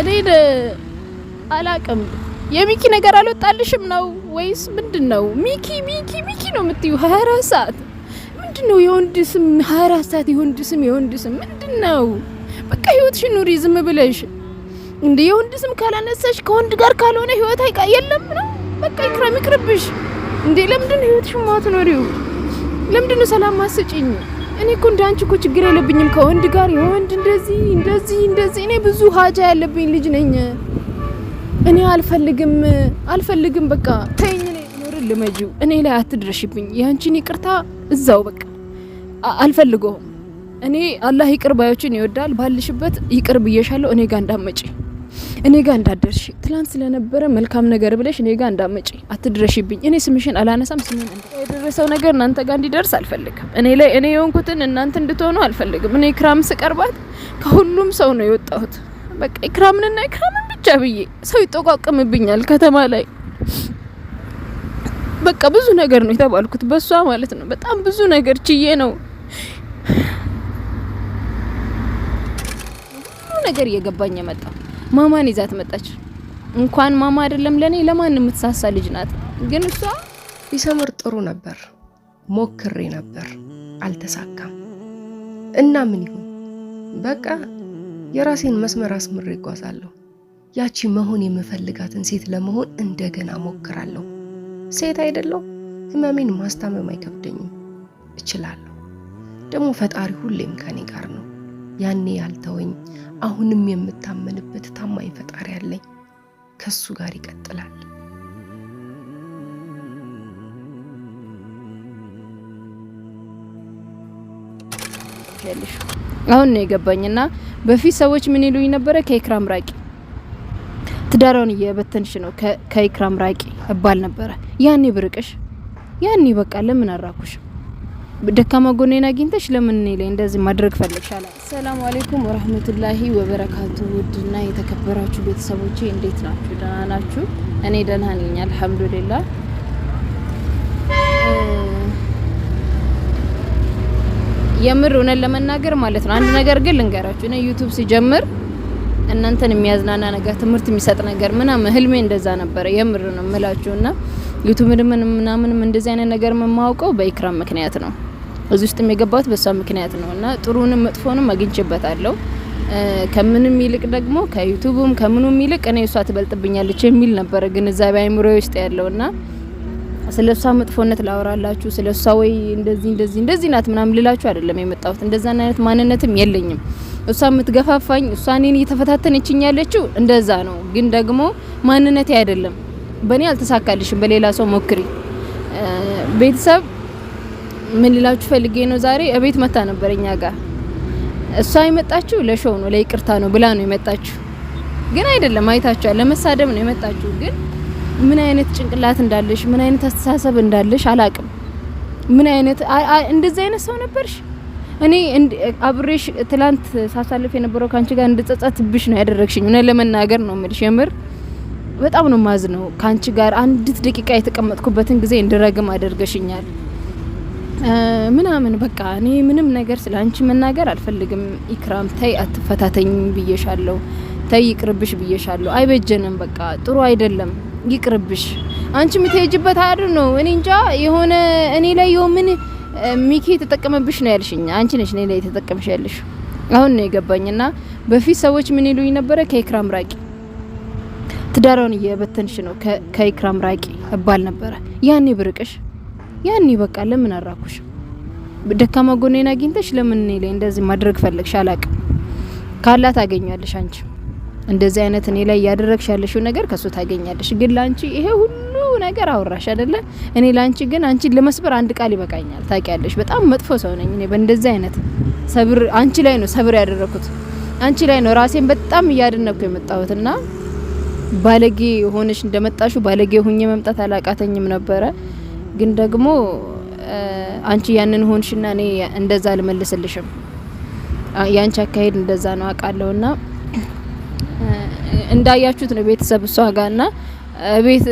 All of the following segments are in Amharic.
እኔን አላቅም። የሚኪ ነገር አልወጣልሽም ነው ወይስ ምንድን ነው? ሚኪ ሚኪ ሚኪ ነው የምትዩ ሀያ አራት ሰዓት ምንድን ነው? የወንድ ስም ሀያ አራት ሰዓት የወንድ ስም የወንድ ስም ምንድን ነው? በቃ ህይወትሽን ኑሪ ዝም ብለሽ እንደ የወንድ ስም ካላነሳሽ ከወንድ ጋር ካልሆነ ህይወት አይቃ የለም ነው በቃ ይክረም ይቅርብሽ። እንዴ ለምንድን ህይወትሽን ማትኖሪው? ለምንድን ነው ሰላም ማስጭኝ? እኔ እኮ እንደ አንቺ እኮ ችግር የለብኝም ከወንድ ጋር የወንድ እንደዚህ እንደዚህ እንደዚህ። እኔ ብዙ ሀጃ ያለብኝ ልጅ ነኝ። እኔ አልፈልግም አልፈልግም። በቃ ተይኝ። እኔ ኖር ልመጂው እኔ ላይ አትድረሽብኝ። የአንቺን ይቅርታ እዛው በቃ አልፈልገውም። እኔ አላህ ይቅር ባዮችን ይወዳል። ባልሽበት ይቅር ብዬሻለሁ። እኔ ጋር እንዳመጪ እኔ ጋር እንዳደርሽ ትላንት ስለነበረ መልካም ነገር ብለሽ እኔ ጋር እንዳመጪ አትድረሽብኝ። እኔ ስምሽን አላነሳም። ስሜን የደረሰው ነገር እናንተ ጋር እንዲደርስ አልፈልግም። እኔ ላይ እኔ የሆንኩትን እናንተ እንድትሆኑ አልፈልግም። እኔ ክራም ስቀርባት ከሁሉም ሰው ነው የወጣሁት። በቃ ክራምንና ክራምን ብቻ ብዬ ሰው ይጠቋቅምብኛል ከተማ ላይ በቃ ብዙ ነገር ነው የተባልኩት በሷ ማለት ነው። በጣም ብዙ ነገር ችዬ ነው ሁሉ ነገር እየገባኝ የመጣው። ማማን ይዛት መጣች። እንኳን ማማ አይደለም ለኔ ለማን የምትሳሳ ልጅ ናት። ግን እሷ ቢሰምር ጥሩ ነበር፣ ሞክሬ ነበር፣ አልተሳካም። እና ምን ይሁን በቃ የራሴን መስመር አስምሬ እጓዛለሁ። ያቺ መሆን የምፈልጋትን ሴት ለመሆን እንደገና ሞክራለሁ። ሴት አይደለሁ፣ ህመሜን ማስታመም አይከብደኝም፣ እችላለሁ። ደግሞ ፈጣሪ ሁሌም ከኔ ጋር ነው። ያኔ ያልተወኝ አሁንም የምታመንበት ታማኝ ፈጣሪ አለኝ። ከሱ ጋር ይቀጥላል። አሁን ነው የገባኝና በፊት ሰዎች ምን ይሉኝ ነበረ? ከኢክራም ራቂ፣ ትዳራውን እየበተንሽ ነው፣ ከኢክራም ራቂ እባል ነበረ። ያኔ ብርቅሽ፣ ያኔ በቃ ለምን አራኩሽ? ደካማ ጎኔን አግኝተሽ ለምን እኔ ላይ እንደዚህ ማድረግ ፈለግሽ? ሰላም አለይኩም ወራህመቱላሂ ወበረካቱ። ውድና የተከበራችሁ ቤተሰቦቼ እንዴት ናችሁ? ደህና ናችሁ? እኔ ደህና ነኝ አልሐምዱሊላህ። የምር እውነት ለመናገር ማለት ነው። አንድ ነገር ግን ልንገራችሁ፣ እኔ ዩቲዩብ ሲጀምር እናንተን የሚያዝናና ነገር፣ ትምህርት የሚሰጥ ነገር ምናምን ህልሜ እንደዛ ነበረ። የምር ነው የምላችሁና ዩቲዩብ ምናምንም እንደዚህ አይነት ነገር የማውቀው በኢክራም ምክንያት ነው። እዚህ ውስጥ የገባሁት በሷ ምክንያት ነው እና ጥሩንም መጥፎንም አግኝቼበታለሁ። ከምንም ይልቅ ደግሞ ከዩቱብም ከምኑም ይልቅ እኔ እሷ ትበልጥብኛለች የሚል ነበረ ግንዛቤ አይምሮ ውስጥ ያለው እና ስለ እሷ መጥፎነት ላወራላችሁ ስለ እሷ ወይ እንደዚህ እንደዚህ እንደዚህ ናት ምናምን ልላችሁ አይደለም የመጣሁት። እንደዛን አይነት ማንነትም የለኝም። እሷ የምትገፋፋኝ እሷ እኔን እየተፈታተነችኝ ያለችው እንደዛ ነው። ግን ደግሞ ማንነቴ አይደለም። በእኔ አልተሳካልሽም፣ በሌላ ሰው ሞክሪ ቤተሰብ ምን ልላችሁ ፈልጌ ነው፣ ዛሬ እቤት መታ ነበር እኛ ጋር። እሷ የመጣችው ለሾው ነው ለይቅርታ ነው ብላ ነው የመጣችው፣ ግን አይደለም አይታችኋል፣ ለመሳደብ ነው የመጣችው። ግን ምን አይነት ጭንቅላት እንዳለሽ ምን አይነት አስተሳሰብ እንዳለሽ አላቅም። ምን አይነት እንደዚህ አይነት ሰው ነበርሽ? እኔ አብሬሽ ትላንት ሳሳልፍ የነበረው ካንቺ ጋር እንድጸጸትብሽ ነው ያደረግሽኝ። እውነት ለመናገር ነው የምልሽ የምር በጣም ነው ማዝ ነው። ካንቺ ጋር አንዲት ደቂቃ የተቀመጥኩበትን ጊዜ እንድረግም አደርገሽኛል። ምናምን በቃ እኔ ምንም ነገር ስለ አንቺ መናገር አልፈልግም። ኢክራም ተይ አትፈታተኝ ብዬሻለሁ። ተይ ይቅርብሽ ብዬሻለሁ። አይበጀንም፣ በቃ ጥሩ አይደለም። ይቅርብሽ። አንቺ የምትሄጅበት አይደል ነው። እኔ እንጃ የሆነ እኔ ላይ የው ምን ሚኪ የተጠቀመብሽ ነው ያልሽኝ አንቺ ነሽ እኔ ላይ የተጠቀምሽ ያልሽ አሁን ነው የገባኝና በፊት ሰዎች ምን ይሉኝ ነበረ? ከኢክራም ራቂ፣ ትዳራውን እየበተንሽ ነው፣ ከኢክራም ራቂ እባል ነበረ ያኔ ብርቅሽ ያን በቃ ለምን አራኩሽ? ደካማ ጎኔን አግኝተሽ ለምን እኔ ላይ እንደዚህ ማድረግ ፈለግሽ? አላቅም ካላ ታገኛለሽ። አንቺ እንደዚህ አይነት እኔ ላይ እያደረግሽ ያለሽው ነገር ከሱ ታገኛለሽ። ግን ላንቺ ይሄ ሁሉ ነገር አውራሽ አይደለ? እኔ ላንቺ ግን አንቺ ለመስበር አንድ ቃል ይበቃኛል። ታውቂያለሽ፣ በጣም መጥፎ ሰው ነኝ እኔ። በእንደዚህ አይነት ሰብር አንቺ ላይ ነው ሰብር ያደረኩት፣ አንቺ ላይ ነው ራሴን በጣም እያደነኩ የመጣሁትና ባለጌ ሆነሽ እንደመጣሹ ባለጌ ሁኜ መምጣት አላቃተኝም ነበረ። ግን ደግሞ አንቺ ያንን ሆንሽና እኔ እንደዛ አልመልስልሽም። ያንቺ አካሄድ እንደዛ ነው አውቃለሁና እንዳያችሁት ነው ቤተሰብ እሷ ጋርና ቤት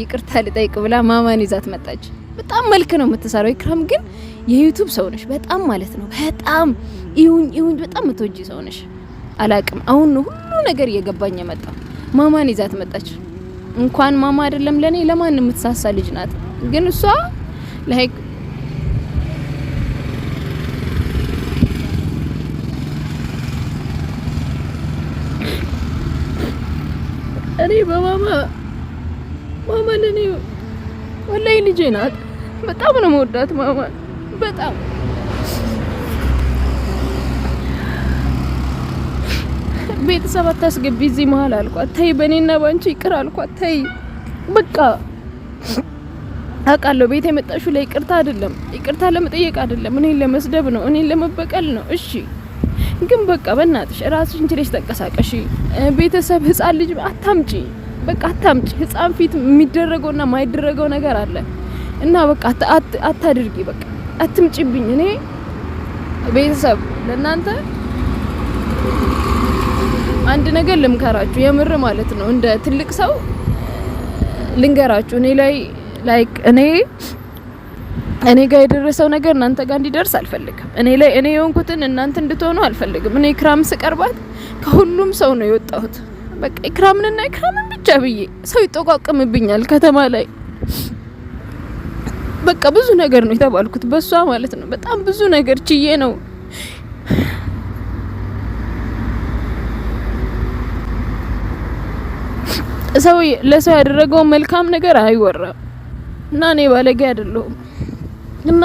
ይቅርታ ልጠይቅ ብላ ማማን ይዛት መጣች። በጣም መልክ ነው የምትሰራው። ይክራም ግን የዩቱብ ሰው ነሽ፣ በጣም ማለት ነው በጣም ይሁን ይሁን፣ በጣም የምትወጂ ሰው ነሽ። አላቅም አሁን ነው ሁሉ ነገር እየገባኝ የመጣው። ማማን ይዛት መጣች። እንኳን ማማ አይደለም ለኔ ለማንም የምትሳሳ ልጅ ናት። ግን እሷ ላይክ እኔ በማማ ማማ ለኔ ወላይ ልጄ ናት። በጣም ነው መወዳት ማማ በጣም ቤተሰብ አታስገቢ እዚህ መሀል አልኳት። ተይ በእኔና ባንቺ ይቅር አልኳት። ተይ በቃ አውቃለሁ ቤት ላይ ለይቅርታ አይደለም፣ ይቅርታ ለመጠየቅ አይደለም፣ እኔን ለመስደብ ነው፣ እኔን ለመበቀል ነው። እሺ ግን በቃ በእናትሽ ራስሽ እንችለሽ ተንቀሳቀሺ። ቤተሰብ ህፃን ልጅ አታምጪ፣ በቃ አታምጪ። ህፃን ፊት የሚደረገውና የማይደረገው ነገር አለ እና በቃ አታድርጊ፣ በቃ አትምጪብኝ። እኔ ቤተሰብ ለእናንተ አንድ ነገር ልምከራችሁ፣ የምር ማለት ነው እንደ ትልቅ ሰው ልንገራችሁ እኔ ላይ ላይክ እኔ እኔ ጋር የደረሰው ነገር እናንተ ጋር እንዲደርስ አልፈልግም። እኔ ላይ እኔ የሆንኩትን እናንተ እንድትሆኑ አልፈልግም። እኔ ክራም ስቀርባት ከሁሉም ሰው ነው የወጣሁት። በቃ ክራምንና ክራምን ብቻ ብዬ ሰው ይጠቋቅምብኛል ከተማ ላይ በቃ ብዙ ነገር ነው የተባልኩት በሷ ማለት ነው። በጣም ብዙ ነገር ችዬ ነው ሰው ለሰው ያደረገውን መልካም ነገር አይወራም። እና እኔ ባለጌ አይደለሁም እና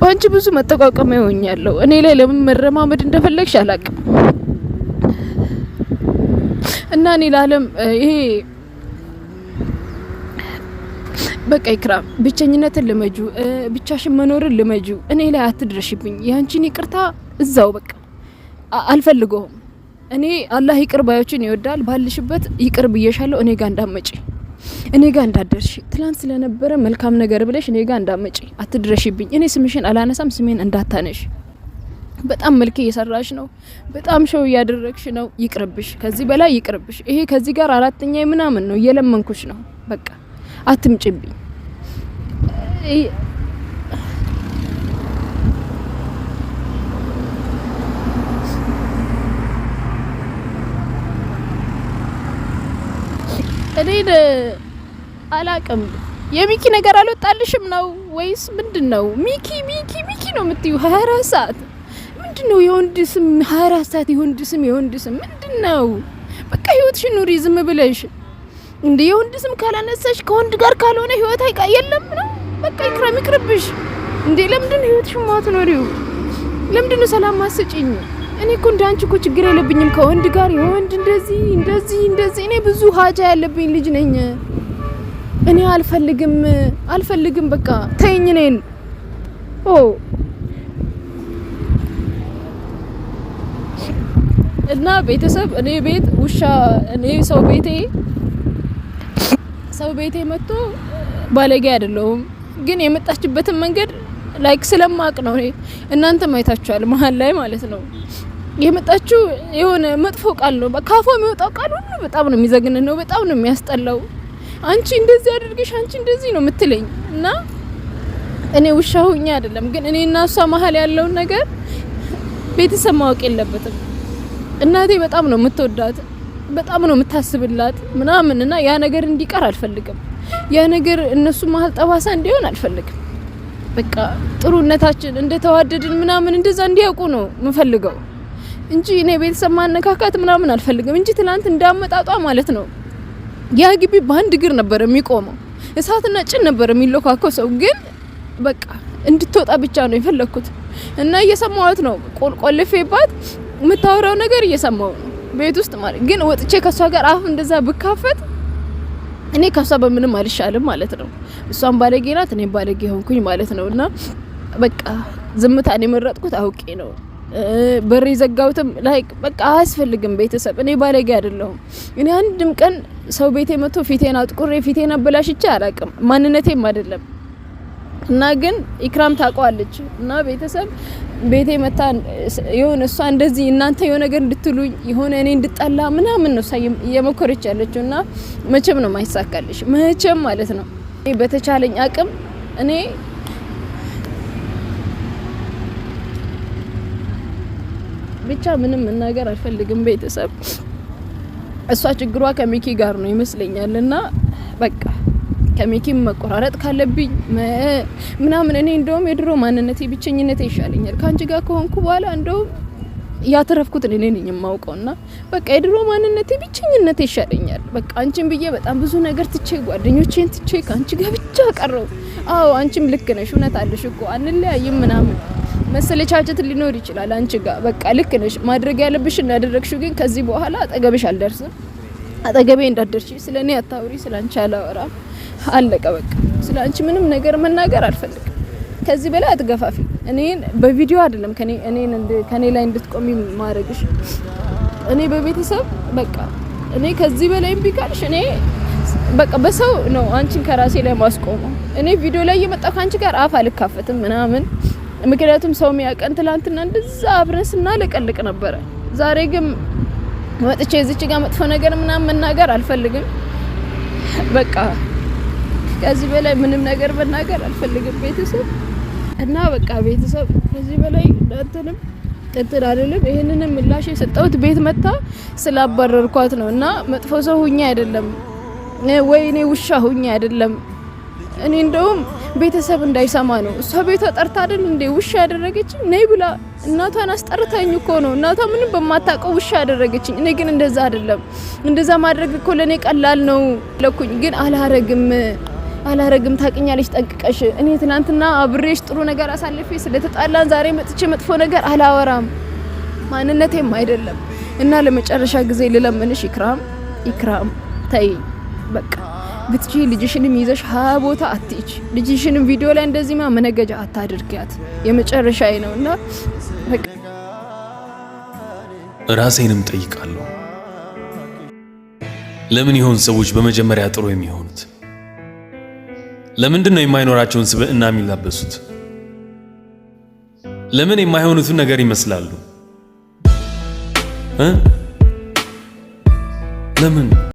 በአንቺ ብዙ መጠቋቀሚያ ይሆኛለሁ። እኔ ላይ ለምን መረማመድ እንደፈለግሽ አላቅም። እና እኔ ለአለም ይሄ በቃ ይክራም ብቸኝነትን ልመጁ፣ ብቻሽን መኖርን ልመጁ። እኔ ላይ አትድረሽብኝ። የአንቺን ይቅርታ እዛው በቃ አልፈልገውም። እኔ አላህ ይቅር ባዮችን ይወዳል። ባልሽበት ይቅር ብዬሻለሁ። እኔ ጋር እንዳመጪ እኔ ጋር እንዳደርሽ ትላንት ስለነበረ መልካም ነገር ብለሽ እኔ ጋር እንዳመጪ አትድረሽብኝ። እኔ ስምሽን አላነሳም፣ ስሜን እንዳታነሽ። በጣም መልክ እየሰራሽ ነው። በጣም ሸው እያደረግሽ ነው። ይቅርብሽ፣ ከዚህ በላይ ይቅርብሽ። ይሄ ከዚህ ጋር አራተኛ ምናምን ነው። እየለመንኩሽ ነው። በቃ አትምጭብኝ። እኔን አላቅም። የሚኪ ነገር አልወጣልሽም ነው ወይስ ምንድን ነው? ሚኪ ሚኪ ሚኪ ነው የምትዩ ሀያ አራት ሰዓት ምንድን ነው? የወንድ ስም ሀያ አራት ሰዓት የወንድ ስም የወንድ ስም ምንድን ነው? በቃ ህይወትሽን ኑሪ ዝም ብለሽ እንዴ። የወንድ ስም ካላነሳሽ ከወንድ ጋር ካልሆነ ህይወት አይቃ የለም ነው በቃ ይክረም ይቅርብሽ። እንዴ ለምንድን ነው ህይወትሽን ማትኖሪው? ለምንድን ነው ሰላም ማስጭኝ እኔ እኮ እንደ አንቺ እኮ ችግር የለብኝም ከወንድ ጋር የወንድ እንደዚህ እንደዚህ እንደዚህ። እኔ ብዙ ሀጃ ያለብኝ ልጅ ነኝ። እኔ አልፈልግም አልፈልግም፣ በቃ ተይኝ እኔን። ኦ እና ቤተሰብ እኔ ቤት ውሻ እኔ ሰው ቤቴ ሰው ቤቴ መጥቶ ባለጌ አይደለሁም፣ ግን የመጣችበትን መንገድ ላይክ ስለማቅ ነው። እኔ እናንተ ማየታችኋል መሀል ላይ ማለት ነው የመጣችሁ የሆነ መጥፎ ቃል ነው ካፎ የሚወጣው ቃል ሁሉ በጣም ነው የሚዘግን ነው፣ በጣም ነው የሚያስጠላው። አንቺ እንደዚህ አድርገሽ አንቺ እንደዚህ ነው የምትለኝ እና እኔ ውሻ ሁኛ አይደለም ግን እኔ እና እሷ መሀል ያለውን ነገር ቤተሰብ ማወቅ የለበትም። እናቴ በጣም ነው የምትወዳት፣ በጣም ነው የምታስብላት ምናምን እና ያ ነገር እንዲቀር አልፈልግም። ያ ነገር እነሱ መሀል ጠባሳ እንዲሆን አልፈልግም። በቃ ጥሩነታችን እንደተዋደድን ምናምን እንደዛ እንዲያውቁ ነው የምፈልገው እንጂ እኔ ቤተሰብ ማነካካት ምናምን አልፈልግም። እንጂ ትናንት እንዳመጣጧ ማለት ነው ያ ግቢ በአንድ እግር ነበር የሚቆመው፣ እሳትና ጭን ነበር የሚለካከው። ሰው ግን በቃ እንድትወጣ ብቻ ነው የፈለግኩት እና እየሰማሁት ነው። ቆልቆልፌባት የምታወራው ነገር እየሰማሁ ነው ቤት ውስጥ ማለት ግን ወጥቼ ከሷ ጋር አፍ እንደዛ ብካፈት እኔ ከሷ በምንም አልሻልም ማለት ነው። እሷን ባለጌ ናት፣ እኔም ባለጌ ሆንኩኝ ማለት ነው። እና በቃ ዝምታን የመረጥኩት አውቄ ነው። በር የዘጋሁትም ላይክ በቃ አያስፈልግም። ቤተሰብ እኔ ባለጌ አይደለሁም። እኔ አንድም ቀን ሰው ቤቴ መጥቶ ፊቴን አጥቁሬ ፊቴን አበላሽቼ አላቅም። ማንነቴም አይደለም እና ግን ኢክራም ታውቀዋለች። እና ቤተሰብ ቤቴ መታ የሆነ እሷ እንደዚህ እናንተ የሆነ ነገር እንድትሉኝ የሆነ እኔ እንድጠላ ምናምን ነው የመኮረች ያለችው። እና መቼም ነው ማይሳካልሽ፣ መቼም ማለት ነው። በተቻለኝ አቅም እኔ ብቻ ምንም መናገር አልፈልግም። ቤተሰብ እሷ ችግሯ ከሚኪ ጋር ነው ይመስለኛል። እና በቃ ከሚኪም መቆራረጥ ካለብኝ ምናምን እኔ እንደውም የድሮ ማንነቴ ብቸኝነቴ ይሻለኛል። ከአንቺ ጋር ከሆንኩ በኋላ እንደውም ያተረፍኩት እኔ ነኝ የማውቀው እና በቃ የድሮ ማንነቴ ብቸኝነቴ ይሻለኛል። በቃ አንቺን ብዬ በጣም ብዙ ነገር ትቼ ጓደኞቼን ትቼ ከአንቺ ጋር ብቻ ቀረው። አዎ አንቺም ልክ ነሽ፣ እውነት አለሽ እኮ አንለያይም ምናምን መሰለቻቸት ሊኖር ይችላል አንቺ ጋር በቃ ልክ ነሽ። ማድረግ ያለብሽ እንዳደረግሽው፣ ግን ከዚህ በኋላ አጠገብሽ አልደርስም። አጠገቤ እንዳደርሽ ስለኔ አታውሪ፣ ስለ አንቺ አላወራም። አለቀ በቃ። ስለ አንቺ ምንም ነገር መናገር አልፈልግም። ከዚህ በላይ አትገፋፊ። እኔን በቪዲዮ አይደለም ከኔ እኔን ከኔ ላይ እንድትቆሚ ማድረግሽ እኔ በቤተሰብ በቃ እኔ ከዚህ በላይ እምቢ እኔ በቃ በሰው ነው አንቺን ከራሴ ላይ ማስቆመው። እኔ ቪዲዮ ላይ የመጣ ከአንቺ ጋር አፍ አልካፈትም ምናምን ምክንያቱም ሰው የሚያቀን ትላንትና እንደዛ አብረን ስናለቀልቅ ነበረ። ዛሬ ግን መጥቼ እዚች ጋር መጥፎ ነገር ምናምን መናገር አልፈልግም በቃ ከዚህ በላይ ምንም ነገር መናገር አልፈልግም ቤተሰብ እና በቃ ቤተሰብ ከዚህ በላይ እናንተንም ቅጥል አይደለም። ይህንንም ምላሽ የሰጠሁት ቤት መታ ስላባረርኳት ነው እና መጥፎ ሰው ሁኛ አይደለም ወይ እኔ ውሻ ሁኛ አይደለም። እኔ እንደውም ቤተሰብ እንዳይሰማ ነው። እሷ ቤቷ ጠርታ አይደል እንዴ ውሻ ያደረገችኝ? ነይ ብላ እናቷን አስጠርታኝ እኮ ነው። እናቷ ምንም በማታውቀው ውሻ ያደረገችኝ። እኔ ግን እንደዛ አይደለም። እንደዛ ማድረግ እኮ ለእኔ ቀላል ነው ለኩኝ ግን አላረግም። አላረግም ታቅኛለሽ ጠንቅቀሽ። እኔ ትናንትና አብሬሽ ጥሩ ነገር አሳልፌ ስለተጣላን ዛሬ መጥቼ መጥፎ ነገር አላወራም፣ ማንነቴም አይደለም። እና ለመጨረሻ ጊዜ ልለምንሽ ኢክራም፣ ኢክራም ተይ በቃ ብትጂ ልጅሽንም ይዘሽ ሀ ቦታ አትች። ልጅሽንም ቪዲዮ ላይ እንደዚህ ማ መነገጃ አታድርጊያት። የመጨረሻዬ ነው እና ራሴንም ጠይቃለሁ። ለምን ይሆን ሰዎች በመጀመሪያ ጥሩ የሚሆኑት? ለምንድን ነው የማይኖራቸውን ስብዕና የሚላበሱት? ለምን የማይሆኑትን ነገር ይመስላሉ? ለምን?